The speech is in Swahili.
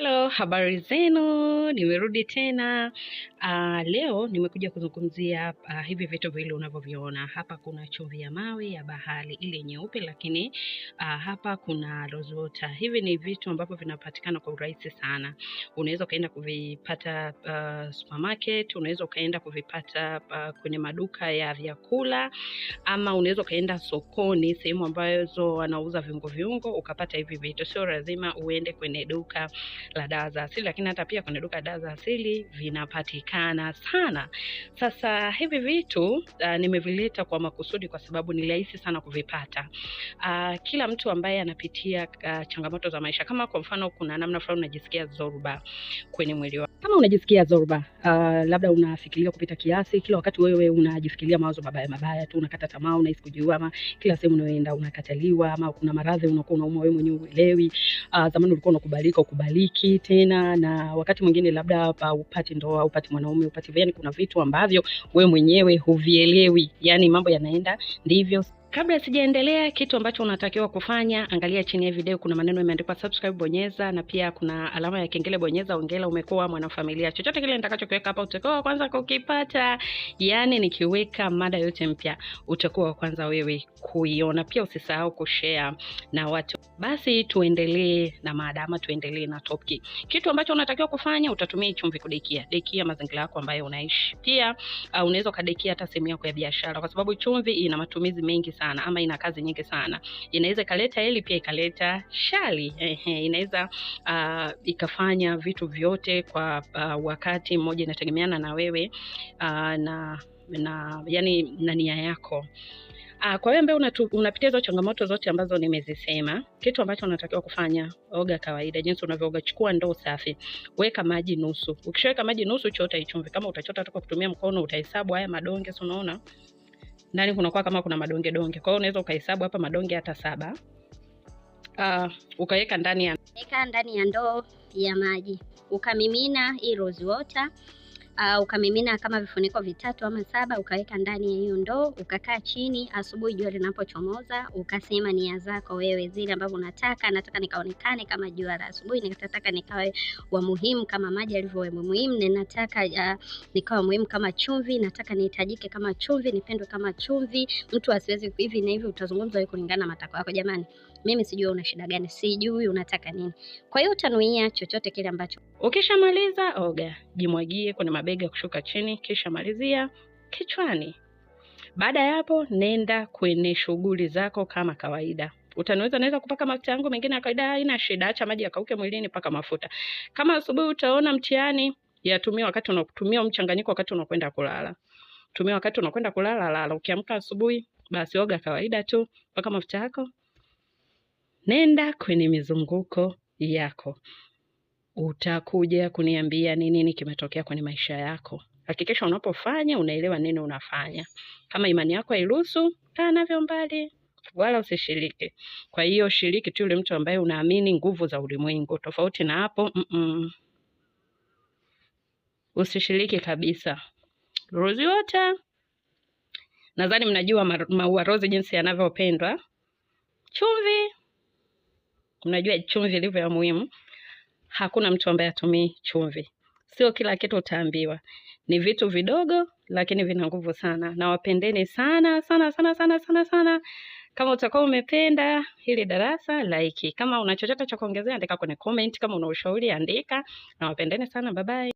Hello. habari zenu, nimerudi tena. Uh, leo nimekuja kuzungumzia uh, hivi vitu vile unavyoviona hapa. Kuna chumvi ya mawe ya bahari ile nyeupe, lakini uh, hapa kuna rozota Hivi ni vitu ambavyo vinapatikana kwa urahisi sana, unaweza ukaenda kuvipata uh, supermarket, unaweza ukaenda kuvipata uh, kwenye maduka ya vyakula, ama unaweza ukaenda sokoni, sehemu ambazo wanauza viungo viungo, ukapata hivi vitu. Sio lazima uende kwenye duka la dawa za asili, lakini hata pia kwenye duka la dawa za asili vinapatikana sana. Sasa hivi vitu uh, nimevileta kwa makusudi kwa sababu ni rahisi sana kuvipata. Uh, kila mtu ambaye anapitia uh, changamoto za maisha, kama kwa mfano kuna namna fulani unajisikia zoruba kwenye mwili wako, kama unajisikia zoruba uh, labda unafikiria kupita kiasi, kila wakati wewe unajifikiria mawazo mabaya mabaya tu, unakata tamaa, unahisi kujiua, ama kila sehemu unayoenda unakataliwa, ama kuna maradhi unakuwa unaumwa wewe mwenyewe uelewi. Uh, zamani ulikuwa unakubalika ukubaliki tena, na wakati mwingine labda uh, upati ndoa, upati mwanaume, upati, yani kuna vitu ambavyo wewe mwenyewe huvielewi, yani mambo yanaenda ndivyo Kabla sijaendelea, kitu ambacho unatakiwa kufanya, angalia chini ya video, kuna maneno yameandikwa subscribe, bonyeza, na pia kuna alama ya kengele, bonyeza. Ongela umekuwa mwanafamilia. Chochote kile nitakachokiweka hapa utakuwa wa kwanza kukipata, Yani nikiweka mada yote mpya utakuwa wa kwanza wewe kuiona. Pia usisahau kushare na watu. Basi tuendelee na mada ama tuendelee na topic. Kitu ambacho unatakiwa kufanya, utatumia chumvi kudekia dekia mazingira yako ambayo unaishi. Pia uh, unaweza ukadekia hata sehemu yako ya biashara, kwa sababu chumvi ina matumizi mengi sana ama ina kazi nyingi sana. Inaweza ikaleta heli, pia ikaleta shali Ehe, inaweza uh, ikafanya vitu vyote kwa uh, wakati mmoja, inategemeana na wewe uh, na na yani na nia yako. Uh, kwa wewe ambaye unapitia hizo changamoto zote ambazo nimezisema, kitu ambacho unatakiwa kufanya, oga kawaida, jinsi unavyooga. Chukua ndoo safi, weka maji nusu. Ukishaweka maji nusu, chota ichumvi. Kama utachota tu kwa kutumia mkono, utahesabu haya madonge, si unaona ndani kunakuwa kama kuna madonge donge. Kwa hiyo unaweza ukahesabu hapa madonge hata saba. Uh, ukaweka ndani ya ndani ya ndoo ya maji ukamimina hii rose water uh, ukamimina kama vifuniko vitatu ama saba, ukaweka ndani ya hiyo ndoo, ukakaa chini. Asubuhi jua linapochomoza, ukasema nia zako wewe zile ambavyo unataka. Nataka nikaonekane kama jua la asubuhi, nataka nikawe wa muhimu kama maji yalivyo muhimu, na nataka uh, nikawa muhimu kama chumvi, nataka nihitajike kama chumvi, nipendwe kama chumvi, mtu asiwezi hivi na hivi. Utazungumza wewe kulingana na matakwa yako. Jamani, mimi sijui una shida gani, sijui unataka nini. Kwa hiyo utanuia chochote kile ambacho ukishamaliza, oga, jimwagie kwenye mabega kushuka chini, kisha malizia kichwani. Baada ya hapo, nenda kwenye shughuli zako kama kawaida. Utaniweza, naweza kupaka mafuta yangu mengine ya kawaida, haina shida, acha maji yakauke mwilini, paka mafuta. Kama asubuhi utaona mtihani, yatumia wakati unatumia mchanganyiko, wakati unakwenda kulala, tumia wakati unakwenda kulala, lala. Ukiamka asubuhi, basi oga kawaida tu, paka mafuta yako, nenda kwenye mizunguko yako utakuja kuniambia ni nini kimetokea kwenye maisha yako. Hakikisha unapofanya unaelewa nini unafanya. Kama imani yako hairuhusu, kaa navyo mbali wala usishiriki. Kwa hiyo shiriki tu yule mtu ambaye unaamini nguvu za ulimwengu. Tofauti na hapo mm -mm. Usishiriki kabisa. Rozi Water, nadhani mnajua maua rozi jinsi yanavyopendwa. Chumvi, mnajua chumvi ilivyo ya muhimu hakuna mtu ambaye atumii chumvi. Sio kila kitu utaambiwa, ni vitu vidogo lakini vina nguvu sana, na wapendeni sana sana sana sana sana sana. Kama utakuwa umependa hili darasa like, kama una chochote cha kuongezea andika kwenye comment, kama una ushauri andika, na wapendeni sana, bye bye.